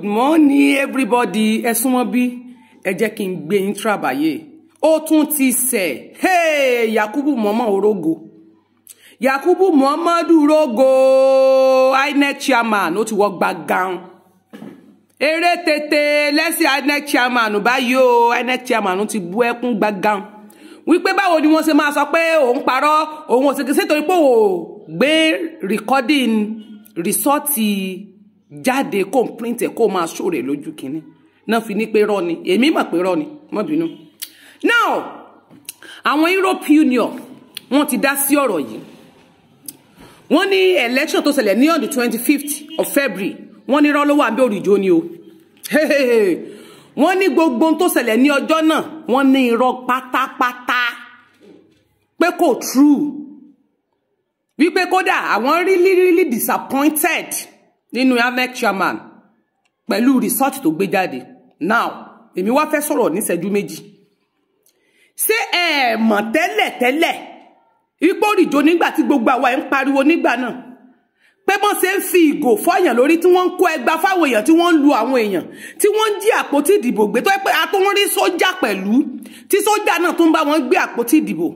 Good morning everybody ẹ súnmọ́ bí ẹ jẹ́ kí n gbé yín tíràbàyè ó tún ti sẹ̀ hey, Yakubu mọ́mọ́ orógo Yakubu Muhammadu rogo INEC chairman ó ti wọ́ gbàgán eré tètè lẹ́sìn INEC chairman báyìí o INEC chairman ti bú ẹkún gbàgán wípé báwo ni wọ́n ṣe máa sọ pé òun parọ́ òun ò ṣèkèsè torí pé òun ò gbé recording rìsọ́ọ̀tì jáde kó n print ẹ kó máa ṣó rẹ lójú kínní náà fi ní pé rọ ni èmi mọ̀ pé rọ ni mọ́ bínú. now àwọn Europe Union wọ́n ti dá sí ọ̀rọ̀ yìí wọ́n ní election tó ṣẹlẹ̀ ní on the twenty fifth of February wọ́n ní rọ́lọ́wọ́ àbí òrìjó ni o wọ́n ní gbogbo tó ṣẹlẹ̀ ní ọjọ́ náà wọ́n ní irọ́ pátápátá pé kò true wípé kódà àwọn really really disappointed nínú INEC chairman pẹ̀lú resort tó gbé jáde now èmi wá fẹ́ sọ̀rọ̀ níṣẹ́jú méjì ṣé ẹ mọ̀ tẹ́lẹ̀ tẹ́lẹ̀ ipò òrìjò nígbà tí gbogbo àwa ẹ̀ ń pariwo nígbà náà pé bọ́n ṣe ń fi ìgò fọ́yàn lórí tí wọ́n ń kó ẹgbà fáwọn èèyàn tí wọ́n ń lu àwọn èèyàn tí wọ́n ń jí àpótí ìdìbò gbé tó yẹ pé a tó ń rí sójà pẹ̀lú tí sójà náà tó ń bá wọn gbé àpótí ìdìbò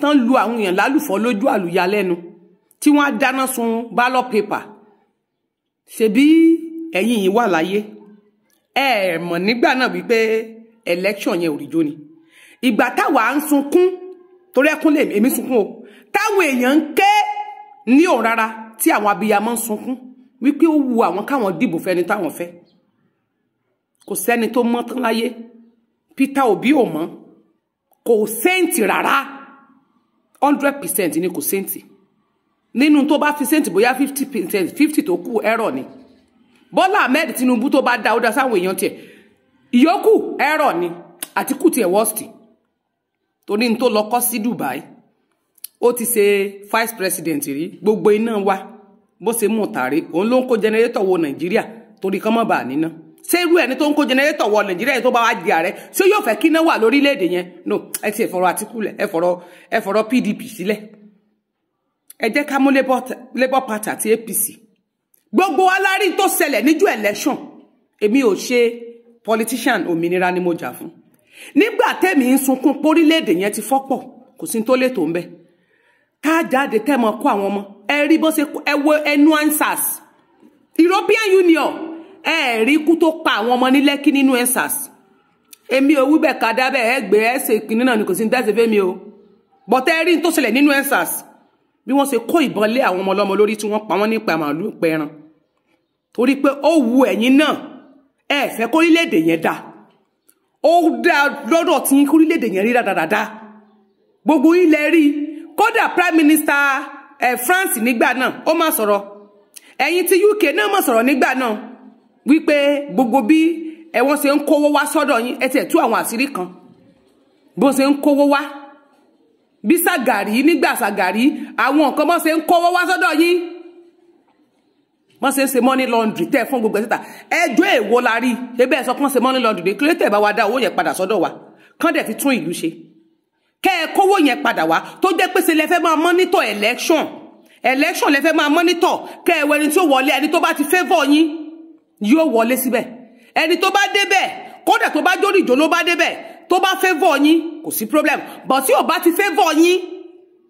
tán lu àwọn èèyàn lálùfọ́ lójú àlùyalẹ́nu tí wọ́n á dáná sun ballot paper ṣebí ẹ̀yin yìí wà láyé ẹ mọ̀ nígbà náà wípé election yẹn òrìjó ni ìgbà táwa ń sunkún torí ẹkún lè èmi sunkún o táwọn èèyàn ń ké ní òun rárá tí àwọn abiyamọ ń sunkún wípé ó wu àwọn káwọn dìbò fẹ́ni táwọn fẹ́ kò sẹ́ni tó mọ́ tán láyé Peter Obi ò mọ́ kò séǹtì rárá hundred percent ni kò séǹtì nínú tó bá fi sẹ́ǹtì bóyá fifty percent fifty tó kù ẹ̀rọ ni Bọ́lá Ahmed Tinubu tó bá da ó da sáwọn èèyàn tiẹ̀ ìyókù ẹ̀rọ ni Àtíkù tiẹ̀ wọ́ọ̀sì torí ní tó lọ kọ́ sí Dubai ó ti ṣe vice president rí gbogbo iná wa bó ṣe mú tàrí òun ló ń kó jẹnẹrétọ̀ wọ Nàìjíríà torí kán má bàa níná ṣé irú ẹni tó ń kó jẹnẹrétọ̀ wọ Nàìjíríà yẹn tó bá wá di ààrẹ ṣé yóò fẹ́ kí iná wà lórílẹ̀‐èdè yẹn no ẹ ti ẹ̀fọ̀rọ̀ Àtíkù lẹ̀ ẹ̀fọ̀rọ̀ ẹ̀fọ̀rọ̀ PDP sílẹ̀. Si ẹ jẹ́ ká mú labour party àti apc gbogbo alárí tó ṣẹlẹ̀ níjọ́ election èmi ò ṣe politician òmìnira ni mo jà fún nígbà tẹ́mi ń sunkún pórílẹ̀-èdè yẹn ti fọ́pọ̀ kò sí tó lẹ́tọ̀ọ́ ńbẹ ká jáde tẹ́mọ kó àwọn ọmọ ẹ rí bó ṣe ẹ wo ẹnu ansars european union ẹ rí kú tó pa àwọn ọmọ ní lẹ́kí nínú ansars èmi ò wíbẹ̀ ká dábẹ́ ẹ gbé ẹ ṣe ìpinnu náà ni kò sí ní tẹ́sí fẹ́mi o bọ́tẹ́ rí tó ṣẹlẹ̀ nínú ansars bí wọ́n ṣe kó ìbọn lé àwọn ọmọ ọlọ́mọ lórí tí wọ́n pa wọ́n nípa màálù pẹran torí pé ó wu ẹ̀yin náà ẹ fẹ́ kórílẹ̀èdè yẹn dà ó dá lọ́dọ̀ tí kórílẹ̀èdè yẹn rí dáadáa gbogbo ilẹ̀ rí kódà prime minister eh, France nígbà náà ó máa sọ̀rọ̀ ẹ̀yin ti UK náà máa sọ̀rọ̀ nígbà náà wípé gbogbo bí ẹ wọ́n ṣe ń kówó wá sọ́dọ̀ yín ẹ tiẹ̀ tú àwọn àṣírí kan bó ṣe ń kówó wá bí Ṣàgàrí nígbà Ṣàgàrí àwọn nǹkan bọ́n ṣe ń kówó wá sọ́dọ̀ yín wọ́n ṣe ń ṣe money laundry tẹ́ fún gbogbo ẹ̀sìta ẹjọ́ èwo la rí ebẹ́ ẹ̀ sọ pé wọ́n ṣe money laundry ní kílódé tẹ̀ bá wa dá owó yẹn padà sọ́dọ̀ wa kán dẹ̀ fi tún ìlú ṣe kẹ́ ẹ kówó yẹn padà wá tó jẹ́ pé ṣe lẹ fẹ́ máa monitor election election lẹ fẹ́ máa monitor kẹ́ ẹ wẹni tí ó wọlé ẹni tó bá ti favour yín yóò wọlé síbẹ̀ ẹni tó bá débẹ̀ kódà tó bá jórí ló bá débẹ̀ tó bá favour yín kò sí problem bọ̀ tí ò bá ti favour yín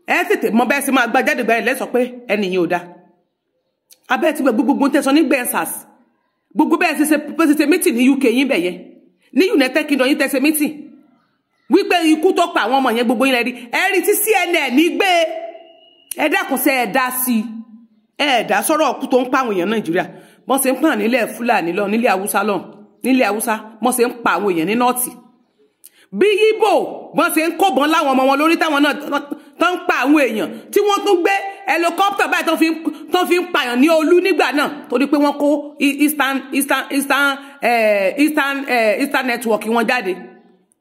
ẹ tètè mọ bẹ́ẹ̀ sí máa gba jáde gbẹ̀rẹ̀ lẹ́sọ̀ pé ẹni yìí ò da abẹ́ ti gbẹ gbogbo tẹ̀sán ní gbẹ̀nsàs gbogbo bẹ́ẹ̀ ṣe ṣe ṣe meeting ní UK yín bẹ̀yẹ ní United Kingdom yín tẹ̀sẹ̀ meeting wípé ikú tó pa àwọn ọmọ yẹn gbogbo yín lẹ́rí ẹ rí tí CNN gbé ẹ dákun sẹ ẹ dá sí ẹ dá sọ̀rọ̀ ọ̀kú tó ń pa àwọn èèyàn Nàìjíríà bọ́n ṣe ń pàn nílẹ̀ Fúlàní lọ nílẹ̀ Haúsá lọ nílẹ̀ Haúsá bọ́n ṣe ń pa àwọn èèyàn ní nọ́ọ̀tì bí yíbò wọn ṣe ń kóbọn láwọn ọmọ wọn lórí táwọn náà tó ń pa àwọn èèyàn tí wọn tún gbé ẹlòkọ́pítà báyìí tó fi ń pààyàn ní olú nígbà náà torí pé wọn kó eastern eastern eastern eh, eastern eh, eastern network wọn jáde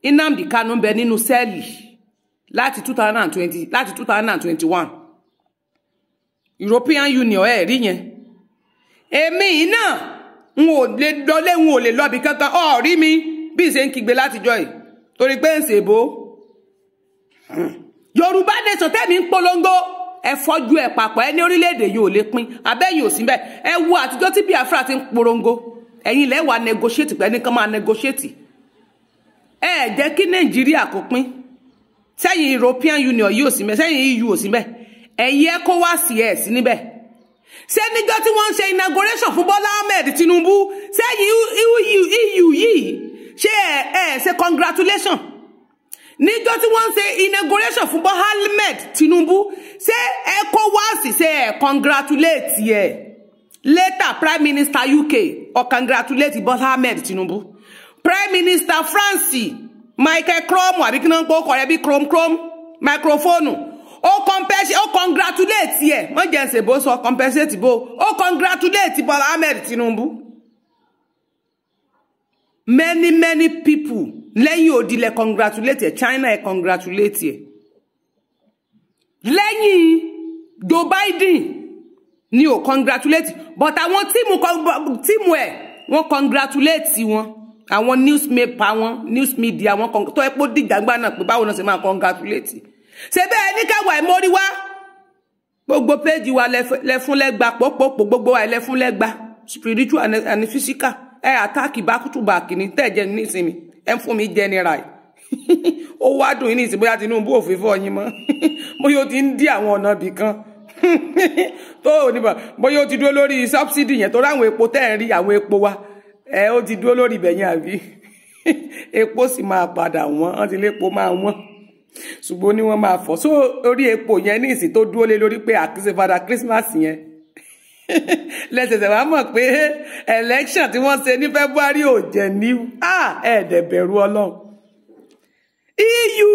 Nnamdi Kanu ń bẹ nínú sẹ́ẹ̀lì láti two thousand and twenty láti two thousand and twenty one European Union ẹ̀ rí yẹn èmi yìí náà n ò lè lọlé n ò lè lọbi kankan ọ̀ọ́rí mi bí ìṣe ń kígbe látijọ́ yìí torí pé ń yorùbá nation tẹ́mi ń polongo ẹ fọ́jú ẹ papọ̀ ẹ ní orílẹ̀-èdè yìí ò lè pín abẹ́yìn ò sí bẹ́ẹ̀ ẹ wo àtijọ́ tí biafra ti ń polongo ẹ̀yin ilẹ̀ wa negotiate pẹ̀lú ẹnìkan máa negotiate ẹ jẹ́ kí nàìjíríà kò pin sẹ́yìn european union yìí ò sí bẹ́ẹ̀ sẹ́yìn eu ò sí bẹ́ẹ̀ ẹ̀yin ecowas ẹ̀ sí níbẹ̀ ṣé ṣé ẹ ẹ ṣe congratulation níjọ́ tí wọ́n ń ṣe inauguration fún bọ́ ahmed tinubu ṣé ecowas ṣe ẹ congratulate ẹ later prime minister uk ọ congratulate bọ́ ahmed tinubu prime minister france michael crom àbí kí náà ń pọ ọkọ rẹ bí crom crom microphone ó compensate ó congratulate ẹ wọ́n jẹ́ ń ṣèbó sọ compensate bó ó congratulate bọ́ tinubu many many people lẹ́yìn odi lẹ congratulate ẹ China ẹ congratulate ẹ lẹ́yìn Joe Biden ni ò congratulate but àwọn tíìmù tíìmù ẹ wọ́n congratulate wọn àwọn newspaper wọn news media wọn tó epo dìgbàgbà náà pé báwo náà ṣe máa congratulate ṣe bẹ́ẹ̀ ní káwa ẹ̀ mórí wá gbogbo péjì wa lẹ́fúnlẹ́gba pọ̀pọ̀pọ̀ gbogbo wa lẹ́fúnlẹ́gba spiritual and physical ẹ àtáàkì bákútùbàkì ni tẹ̀jẹ̀ nísìnyí ẹ ń fún mi jẹ nira ẹ̀ ó wá dùn yín nísìnyí bóyá Tinubu ò fi fọ́ yín mọ́ bóyá ó ti ń dí àwọn ọ̀nà bì kan tó o ní bọ̀ bóyá ó ti dúró lórí sọ́bsidì yẹn tó ráwọn epo tẹ́ ẹ̀ ń rí àwọn epo wa ẹ ó ti dúró lórí ibẹ̀ yẹn àbí epo sì máa padà wọ́n wọ́n ti lépo máa wọ́n ṣùgbọ́n ó wọ́n máa fọ́ so orí epo yẹn ní ìsìn tó dúró lé lórí pé àkíṣe fada Christmas yẹn lẹ́sẹ̀sẹ̀ wàá mọ̀ pé election tí wọ́n ṣe ní February ò jẹ́ ní ẹ̀ẹ́dẹ̀ bẹ̀rù Ọlọ́run EU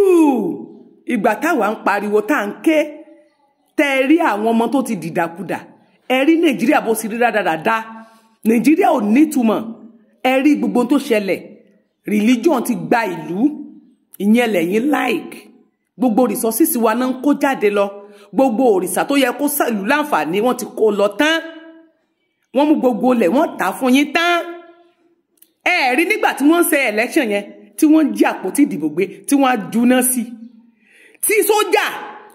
ìgbà táwa ń pariwo tá à ń ké tẹ́ ẹ rí àwọn ọmọ tó ti dìdàkudà ẹ rí Nàìjíríà bó ti rí rádaràda Nàìjíríà ò nítumọ̀ ẹ rí gbogbo tó ṣẹlẹ̀ religion ti gba ìlú ìyẹn lẹ́yìn like gbogbo resources wa náà ń kó jáde lọ gbogbo òrìṣà tó yẹ kó sàlù láǹfààní wọ́n ti kó lọ tán wọ́n mú gbogbo ilẹ̀ wọ́n tà fún yín tán ẹ rí nígbà tí wọ́n ń ṣe election yẹn tí wọ́n jí àpótí ìdìbò gbé tí wọ́n á juná sí tí sójà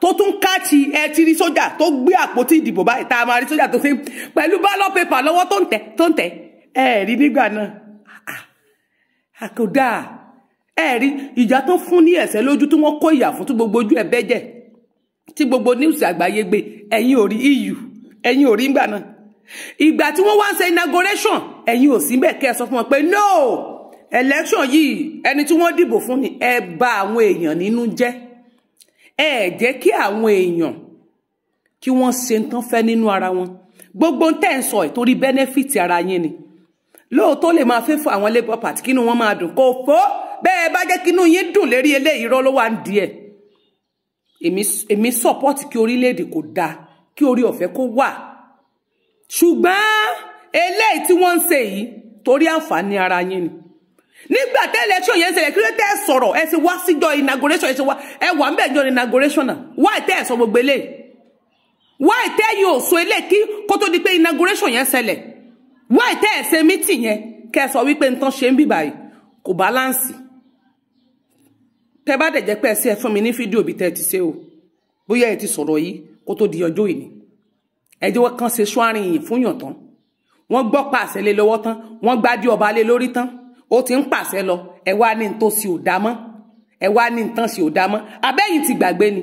tó tún káàtì ẹ ti rí sójà tó gbé àpótí ìdìbò báyìí tá a máa rí sójà tó ṣe pẹ̀lú bálọ̀ pépà lọ́wọ́ tó ń tẹ̀ tó ń tẹ̀ ẹ rí nígbà náà àkódà ah, ah, ẹ rí ìjà tó fún ní ẹ̀sẹ̀ lójú tí wọ́n kó ìyà fún tó gbogbo ojú ẹ̀ bẹ́jẹ̀ tí gbogbo news àgbáyé gbé ẹ̀yin ò rí EU ẹ̀yin ò rí ngbà náà ìgbà tí wọ́n wá ń ṣe inauguration ẹ̀yin ò sí bẹ́ẹ̀ kẹ́ ẹ sọ fún wọn pé no election yìí ẹni tí wọ́n dìbò fún ni ẹ bà àwọn èèyàn nínú jẹ́ ẹ jẹ́ kí àwọn èèyàn kí wọ́n ṣe ń tán fẹ́ nínú ara wọn gbogbo ń tẹ̀ ń sọ ìtorí benefit ara yín ni lóòótọ́ lè máa fẹ́ fún àwọn labour party kínú wọn máa dùn kò fó bẹ́ẹ̀ bá jẹ́ kínú yín dùn lérí eléyìí rọ́ ló wà ń di ẹ̀ Emi èmi support kí orílẹ̀-èdè kò dáa kí orí ọ̀fẹ́ kó wà ṣùgbọ́n eléyìí tí wọ́n ń ṣe yìí ara yín ni nígbà tẹ́lẹ̀ tí òye ń ṣẹlẹ̀ kí ló tẹ́ sọ̀rọ̀ ẹ ti inauguration ẹ ti wá ẹ wà ń bẹ̀ inauguration na wá te so sọ gbogbo eléyìí wá ìtẹ́ yìí so eléyìí kí kó tó di pé inauguration yẹn ṣẹlẹ̀ wá ìtẹ́ ẹ̀ ṣe mítì yẹn kẹ́ ẹ sọ wípé nǹkan ṣe ń bì báyìí tẹ bá dẹ̀ jẹ́ pé ẹ sí ẹ fún mi ní fídíò bí tẹ ti ṣe o bóyá ẹ ti sọ̀rọ̀ yìí kó tó di ọjọ́ ìní ẹ jẹ́ wọ́n kàn ṣe ṣọ́ọ́rìn yìí fún yàn tán wọ́n gbọ́ pàṣẹ lé lọ́wọ́ tán wọ́n gbájú ọba lé lórí tán ó ti ń pàṣẹ lọ ẹ wá ní tó sì ò dá mọ́ ẹ wá ní tán sì ò dá mọ́ abẹ́yìn ti gbàgbé ni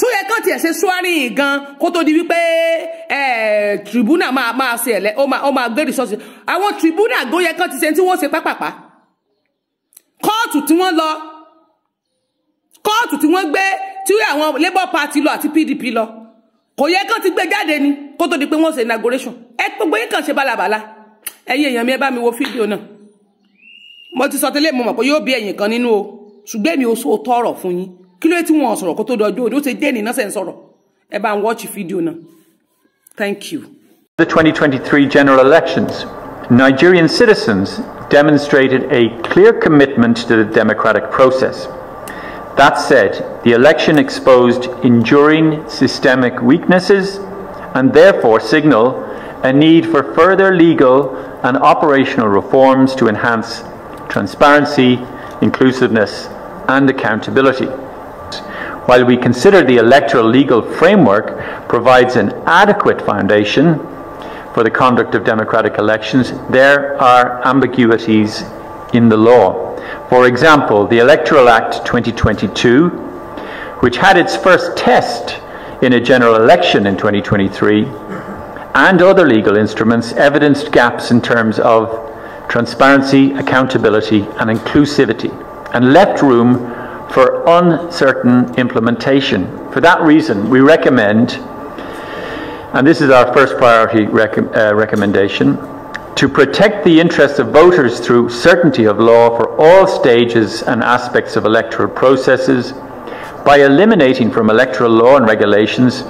ṣó yẹ kàn tiẹ̀ ṣe ṣọ́ọ́rìn yìí gan kó tó di wípé ẹ tribunal máa máa ṣe ẹ̀lẹ́ ó máa ó máa gbé resources àwọn tribunal gan kàn ti ṣe tí wọ́n ṣe pápápá kóòtù tí wọ́n lọ kóòtù tí wọ́n gbé tí àwọn labour party lọ àti pdp lọ kò yẹ kán ti gbé jáde ni kó tó di pé wọ́n ṣe inauguration ẹ gbogbo yín kàn ṣe bálabàla ẹ̀yin èèyàn mi ẹ bá mi wo fídíò náà mo ti sọ tẹ́lẹ̀ mo mọ̀ pé yóò bí ẹ̀yin kan nínú o ṣùgbọ́n èmi ò sọ tọrọ fún yín kí ló tí wọ́n sọ̀rọ̀ kó tó dọjọ́ òde ṣe dé ní náà ṣe ń sọ̀rọ̀ ẹ bá ń wọ́ọ̀chì fídíò náà thank you. The 2023 general elections, Nigerian citizens demonstrated a clear commitment to the democratic process. That said, the election exposed enduring systemic weaknesses and therefore signal a need for further legal and operational reforms to enhance transparency, inclusiveness and accountability. While we consider the electoral legal framework provides an adequate foundation for the conduct of democratic elections, there are ambiguities in the law. For example, the Electoral Act 2022, which had its first test in a general election in 2023, and other legal instruments evidenced gaps in terms of transparency, accountability, and inclusivity, and left room for uncertain implementation. For that reason, we recommend, and this is our first priority rec uh, recommendation, to protect the interests of voters through certainty of law for all stages and aspects of electoral processes by eliminating from electoral law and regulations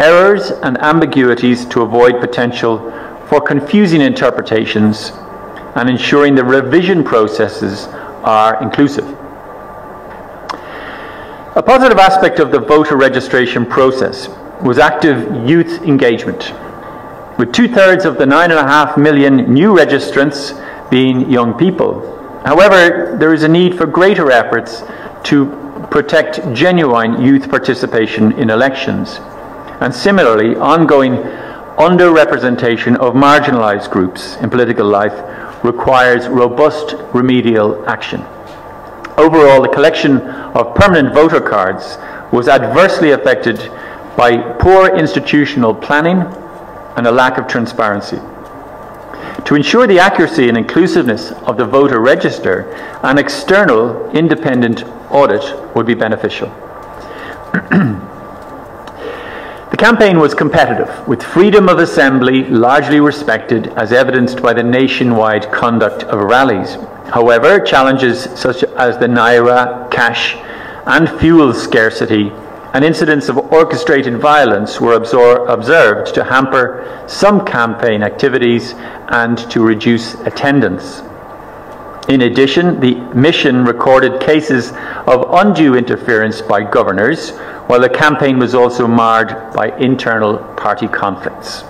errors and ambiguities to avoid potential for confusing interpretations and ensuring the revision processes are inclusive. A positive aspect of the voter registration process was active youth engagement with two thirds of the 9.5 million new registrants being young people. However, there is a need for greater efforts to protect genuine youth participation in elections, and similarly, ongoing underrepresentation of marginalized groups in political life requires robust remedial action. Overall, the collection of permanent voter cards was adversely affected by poor institutional planning and a lack of transparency. To ensure the accuracy and inclusiveness of the voter register, an external independent audit would be beneficial. the campaign was competitive, with freedom of assembly largely respected, as evidenced by the nationwide conduct of rallies. However, challenges such as the Naira, cash, and fuel scarcity and incidents of orchestrated violence were observed to hamper some campaign activities and to reduce attendance. In addition, the mission recorded cases of undue interference by governors, while the campaign was also marred by internal party conflicts.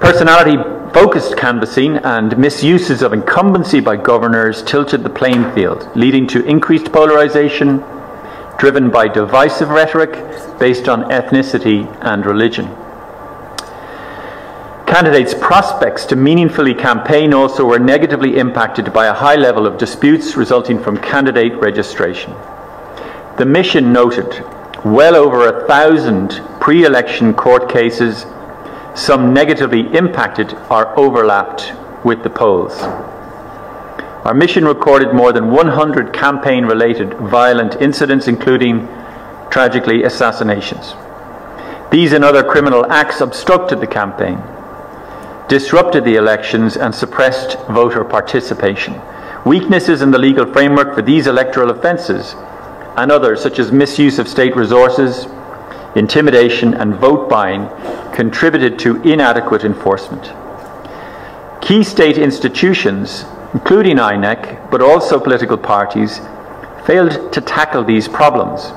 Personality focused canvassing and misuses of incumbency by governors tilted the playing field, leading to increased polarisation, driven by divisive rhetoric based on ethnicity and religion. Candidates' prospects to meaningfully campaign also were negatively impacted by a high level of disputes resulting from candidate registration. The mission noted well over a thousand pre election court cases, some negatively impacted are overlapped with the polls. Our mission recorded more than 100 campaign related violent incidents, including tragically assassinations. These and other criminal acts obstructed the campaign, disrupted the elections, and suppressed voter participation. Weaknesses in the legal framework for these electoral offences and others, such as misuse of state resources, intimidation, and vote buying, contributed to inadequate enforcement. Key state institutions including INEC, but also political parties, failed to tackle these problems.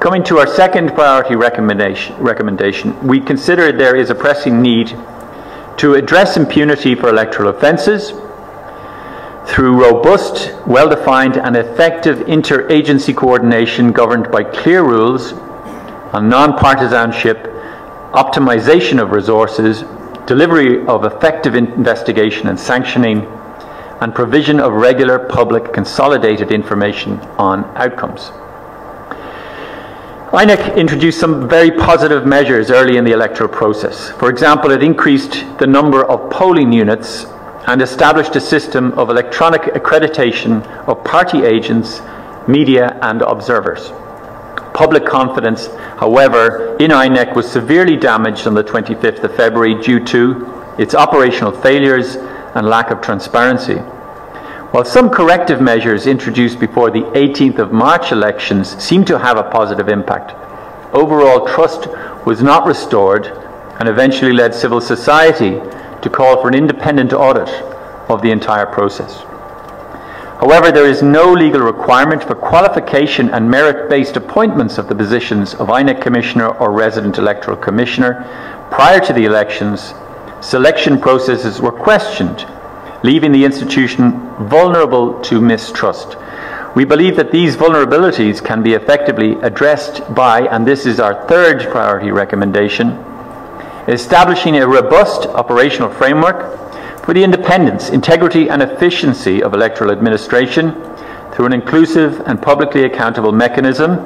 Coming to our second priority recommendation, recommendation, we consider there is a pressing need to address impunity for electoral offences through robust, well-defined and effective interagency coordination governed by clear rules on non-partisanship, optimization of resources delivery of effective investigation and sanctioning, and provision of regular public consolidated information on outcomes. INEC introduced some very positive measures early in the electoral process. For example, it increased the number of polling units and established a system of electronic accreditation of party agents, media, and observers. Public confidence, however, in INEC was severely damaged on the 25th of February due to its operational failures and lack of transparency. While some corrective measures introduced before the 18th of March elections seem to have a positive impact, overall trust was not restored and eventually led civil society to call for an independent audit of the entire process. However, there is no legal requirement for qualification and merit based appointments of the positions of INEC Commissioner or Resident Electoral Commissioner prior to the elections. Selection processes were questioned, leaving the institution vulnerable to mistrust. We believe that these vulnerabilities can be effectively addressed by, and this is our third priority recommendation, establishing a robust operational framework for the independence, integrity, and efficiency of electoral administration through an inclusive and publicly accountable mechanism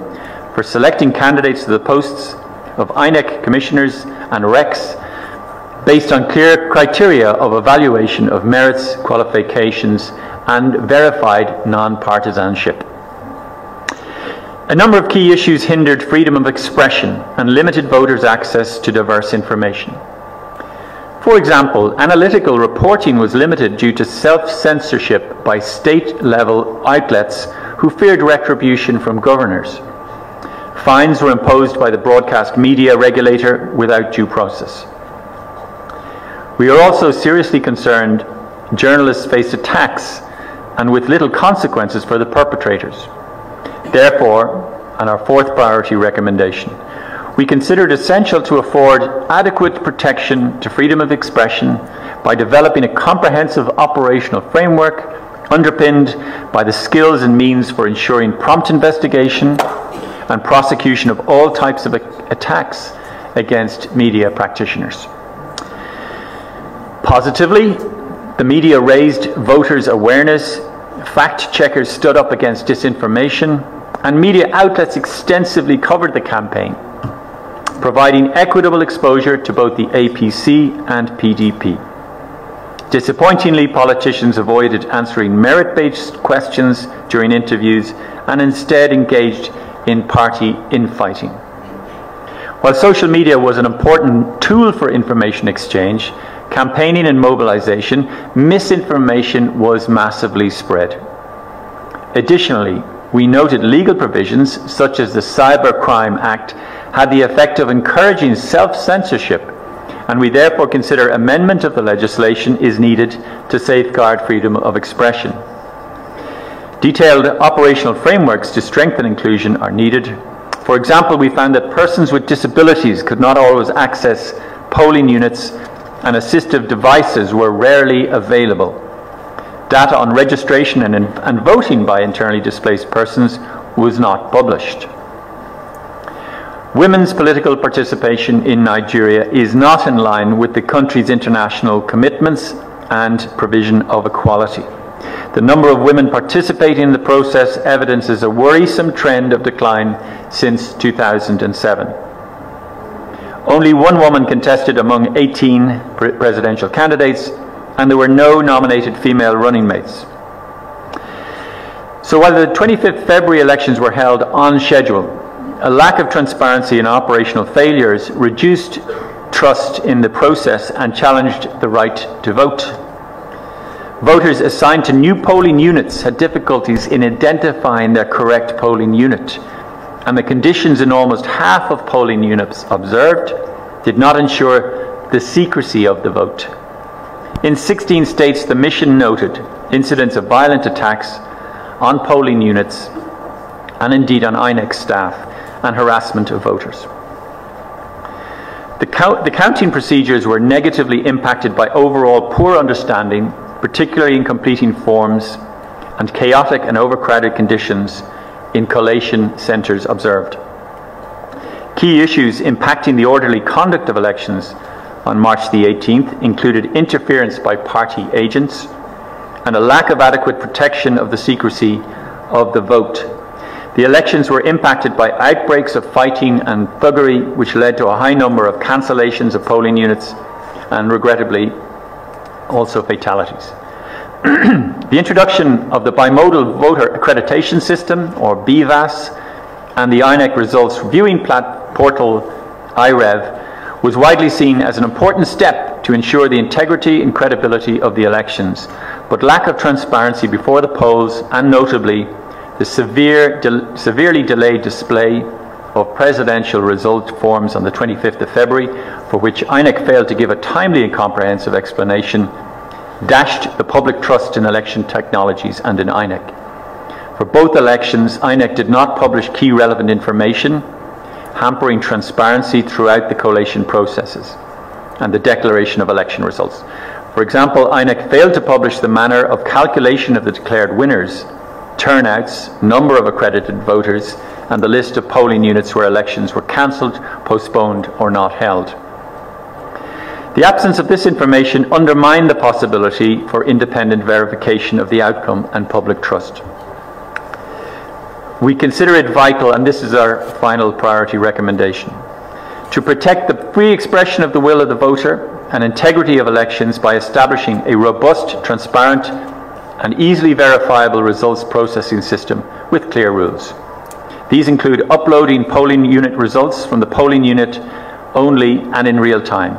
for selecting candidates to the posts of INEC commissioners and RECs based on clear criteria of evaluation of merits, qualifications, and verified non partisanship. A number of key issues hindered freedom of expression and limited voters' access to diverse information. For example, analytical reporting was limited due to self censorship by state level outlets who feared retribution from governors. Fines were imposed by the broadcast media regulator without due process. We are also seriously concerned journalists face attacks and with little consequences for the perpetrators. Therefore, and our fourth priority recommendation, we consider it essential to afford adequate protection to freedom of expression by developing a comprehensive operational framework underpinned by the skills and means for ensuring prompt investigation and prosecution of all types of attacks against media practitioners. Positively, the media raised voters' awareness, fact checkers stood up against disinformation, and media outlets extensively covered the campaign providing equitable exposure to both the APC and PDP. Disappointingly, politicians avoided answering merit based questions during interviews and instead engaged in party infighting. While social media was an important tool for information exchange, campaigning and mobilization, misinformation was massively spread. Additionally, we noted legal provisions such as the Cybercrime Act had the effect of encouraging self censorship, and we therefore consider amendment of the legislation is needed to safeguard freedom of expression. Detailed operational frameworks to strengthen inclusion are needed. For example, we found that persons with disabilities could not always access polling units and assistive devices were rarely available. Data on registration and, and voting by internally displaced persons was not published. Women's political participation in Nigeria is not in line with the country's international commitments and provision of equality. The number of women participating in the process evidences a worrisome trend of decline since 2007. Only one woman contested among 18 presidential candidates, and there were no nominated female running mates. So while the 25th February elections were held on schedule, a lack of transparency and operational failures reduced trust in the process and challenged the right to vote. Voters assigned to new polling units had difficulties in identifying their correct polling unit, and the conditions in almost half of polling units observed did not ensure the secrecy of the vote. In 16 states, the mission noted incidents of violent attacks on polling units and indeed on INEX staff and harassment of voters. The, count, the, counting procedures were negatively impacted by overall poor understanding, particularly in completing forms, and chaotic and overcrowded conditions in collation centres observed. Key issues impacting the orderly conduct of elections on March the 18th included interference by party agents and a lack of adequate protection of the secrecy of the vote the elections were impacted by outbreaks of fighting and thuggery, which led to a high number of cancellations of polling units and, regrettably, also fatalities. the introduction of the Bimodal Voter Accreditation System, or BVAS, and the INEC Results Reviewing Portal, IREV, was widely seen as an important step to ensure the integrity and credibility of the elections, but lack of transparency before the polls, and notably the severe, de severely delayed display of presidential result forms on the 25th of February, for which INEC failed to give a timely and comprehensive explanation, dashed the public trust in election technologies and in INEC. For both elections, INEC did not publish key relevant information, hampering transparency throughout the collation processes and the declaration of election results. For example, INEC failed to publish the manner of calculation of the declared winners turnouts, number of accredited voters, and the list of polling units where elections were cancelled, postponed, or not held. The absence of this information undermined the possibility for independent verification of the outcome and public trust. We consider it vital, and this is our final priority recommendation, to protect the free expression of the will of the voter and integrity of elections by establishing a robust, transparent, an easily verifiable results processing system with clear rules. These include uploading polling unit results from the polling unit only and in real time.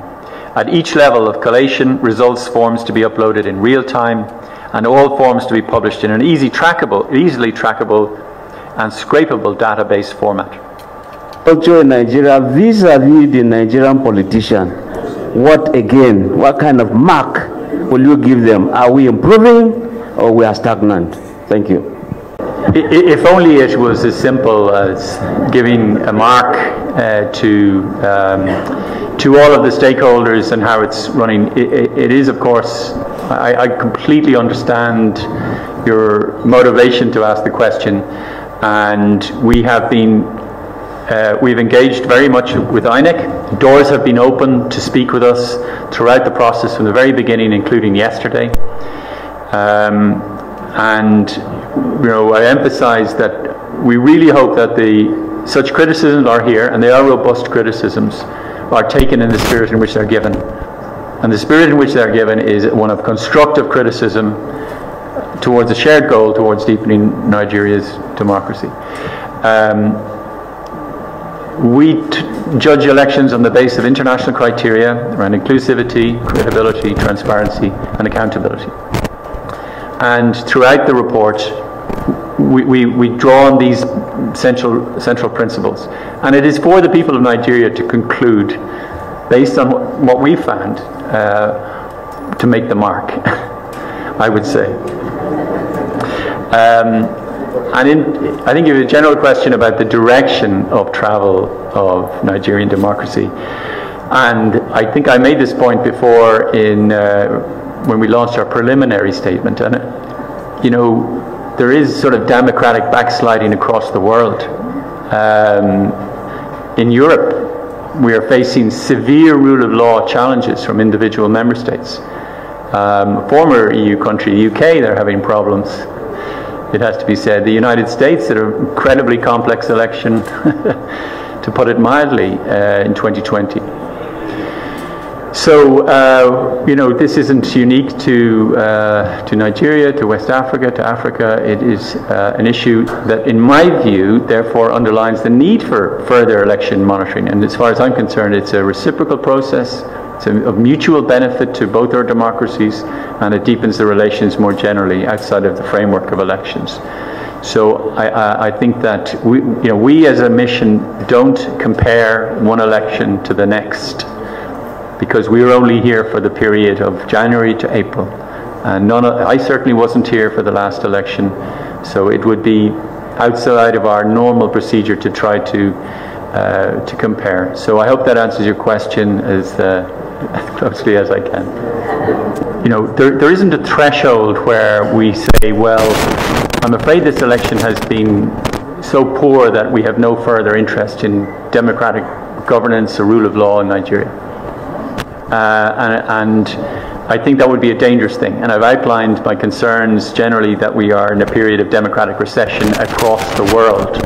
At each level of collation, results forms to be uploaded in real time and all forms to be published in an easy trackable, easily trackable and scrapable database format. Also, in Nigeria vis-a-vis the Nigerian politician. What again, what kind of mark will you give them? Are we improving or oh, we are stagnant. Thank you. If only it was as simple as giving a mark uh, to um, to all of the stakeholders and how it's running. it, it is, of course, I, I completely understand your motivation to ask the question, and we have been uh, we've engaged very much with INEC. Doors have been open to speak with us throughout the process from the very beginning, including yesterday. Um, and you know, I emphasise that we really hope that the such criticisms are here, and they are robust criticisms, are taken in the spirit in which they're given. And the spirit in which they're given is one of constructive criticism towards a shared goal towards deepening Nigeria's democracy. Um, we t- judge elections on the basis of international criteria around inclusivity, credibility, transparency, and accountability. And throughout the report, we, we, we, draw on these central, central principles. And it is for the people of Nigeria to conclude, based on what, we found, uh, to make the mark, I would say. Um, and in, I think you have a general question about the direction of travel of Nigerian democracy. And I think I made this point before in uh, when we launched our preliminary statement. And, it, you know, there is sort of democratic backsliding across the world. Um, in Europe, we are facing severe rule of law challenges from individual member states. Um, former EU country, UK, they're having problems. It has to be said. The United States had an incredibly complex election, to put it mildly, uh, in 2020. So uh, you know this isn't unique to uh, to Nigeria, to West Africa, to Africa. It is uh, an issue that, in my view, therefore underlines the need for further election monitoring. And as far as I'm concerned, it's a reciprocal process. It's of mutual benefit to both our democracies, and it deepens the relations more generally outside of the framework of elections. So I, I, I, think that we, you know, we as a mission don't compare one election to the next because we were only here for the period of January to April. And none of, I certainly wasn't here for the last election, so it would be outside of our normal procedure to try to uh, to compare. So I hope that answers your question as, uh, as closely as I can. You know, there, there isn't a threshold where we say, well, I'm afraid this election has been so poor that we have no further interest in democratic governance or rule of law in Nigeria. Uh, and, and I think that would be a dangerous thing. And I've outlined my concerns generally that we are in a period of democratic recession across the world.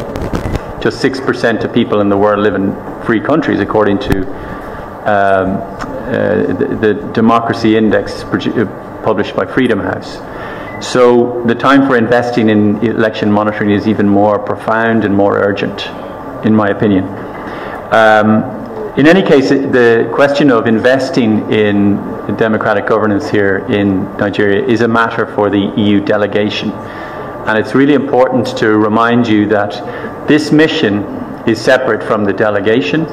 Just 6% of people in the world live in free countries, according to um, uh, the, the, Democracy Index uh, published by Freedom House. So the time for investing in election monitoring is even more profound and more urgent, in my opinion. Um, in any case, the question of investing in democratic governance here in Nigeria is a matter for the EU delegation. And it's really important to remind you that this mission is separate from the delegation,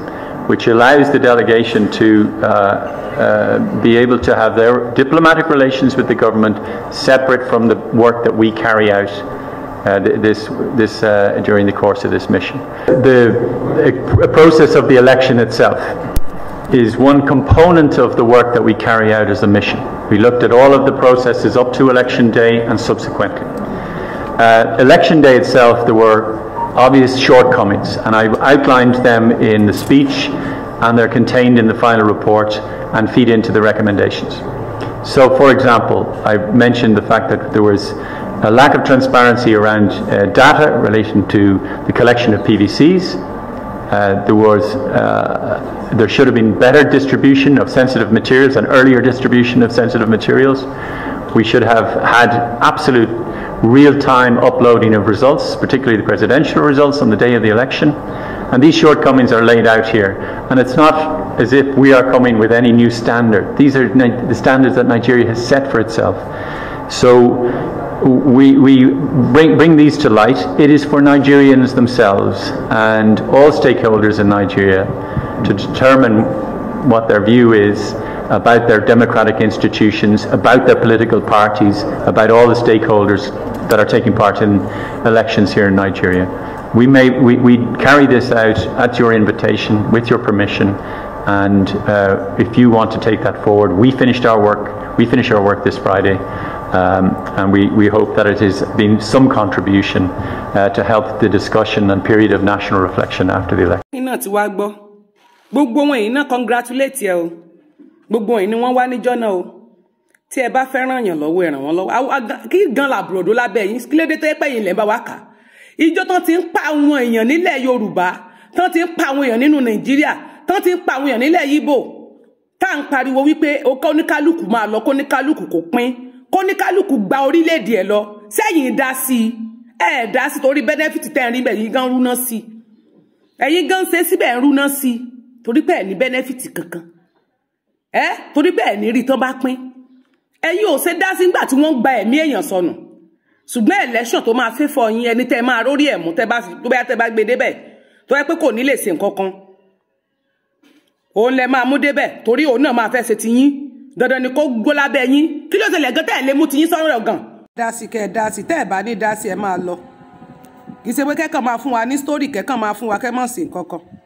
which allows the delegation to uh, uh, be able to have their diplomatic relations with the government separate from the work that we carry out uh, this, this, uh, during the course of this mission. The process of the election itself is one component of the work that we carry out as a mission. We looked at all of the processes up to election day and subsequently. Uh, election day itself, there were obvious shortcomings, and I outlined them in the speech, and they're contained in the final report and feed into the recommendations. So, for example, I mentioned the fact that there was a lack of transparency around uh, data in relation to the collection of PVCs. Uh, there was uh, there should have been better distribution of sensitive materials and earlier distribution of sensitive materials. We should have had absolute real-time uploading of results, particularly the presidential results on the day of the election. And these shortcomings are laid out here. And it's not as if we are coming with any new standard. These are the standards that Nigeria has set for itself. So we, we bring, bring these to light, it is for Nigerians themselves and all stakeholders in Nigeria to determine what their view is about their democratic institutions, about their political parties, about all the stakeholders that are taking part in elections here in Nigeria. We, may, we, we carry this out at your invitation, with your permission, and uh, if you want to take that forward, we finished our work, we finish our work this Friday. Um, and we, we hope that it has been some contribution uh, to help the discussion and period of national reflection after the election. iná tí wàá gbọ́ gbogbo wọn yìí náà congratulate ẹ o gbogbo wọn yìí ni wọ́n wá níjọ́ náà o tí ẹ bá fẹ́ràn yàn lọ́wọ́ ẹ ràn lọ́wọ́ kí gan làbùrọ̀dọ́ lábẹ́ yín kí lédè tó yẹ pé yín lẹ́ bá wá kà ìjọ tán ti ń pa àwọn èèyàn nílẹ̀ Yorùbá tán ti ń pa àwọn èèyàn nínú Nàìjíríà tán ti ń pa àwọn èèyàn nílẹ̀ Yíbò tá à ń pariwo wípé oníkálukú máa lọ kó oníkálukú kó pín kóníkálukú gba orílẹ̀-èdè ẹ̀ lọ sẹ́yìn dá sí i ẹ̀ dá sí torí bẹ́nẹ́fìtì tẹ́ ń rí bẹ́ẹ̀ yín gan rúná sí i ẹ̀yin gan ṣe síbẹ̀ ń rúná sí i torí pé ẹ̀ ní bẹ́nẹ́fìtì kankan ẹ̀ torí pé ẹ̀ ní rí tán bá pín ẹ̀yin ò ṣe dá sí nígbà tí wọ́n gba ẹ̀mí èèyàn sọnù ṣùgbọ́n election tó máa fẹ́ fọ yín ẹni tẹ́ máa rórí ẹ̀ mú tó bá tẹ́ bá gbé débẹ̀ tó yẹ pé kò ní lè ṣe nǹkan kan òun lẹ máa mú débẹ̀ torí òun náà máa fẹ́ ṣe ti yín dandan ni kó gbó lábẹ́ yín kí ló ṣẹlẹ̀ gan tẹ́ ẹ̀ lè mú tiyín sọ́rọ̀ gan. dasi kẹ dasi tẹ́ ẹ bá ní dasi ẹ máa lọ kì í ṣe pé kẹkàn máa fún wa ní sítórì kẹkàn máa fún wa kẹ mọ̀ sí nǹkan kan.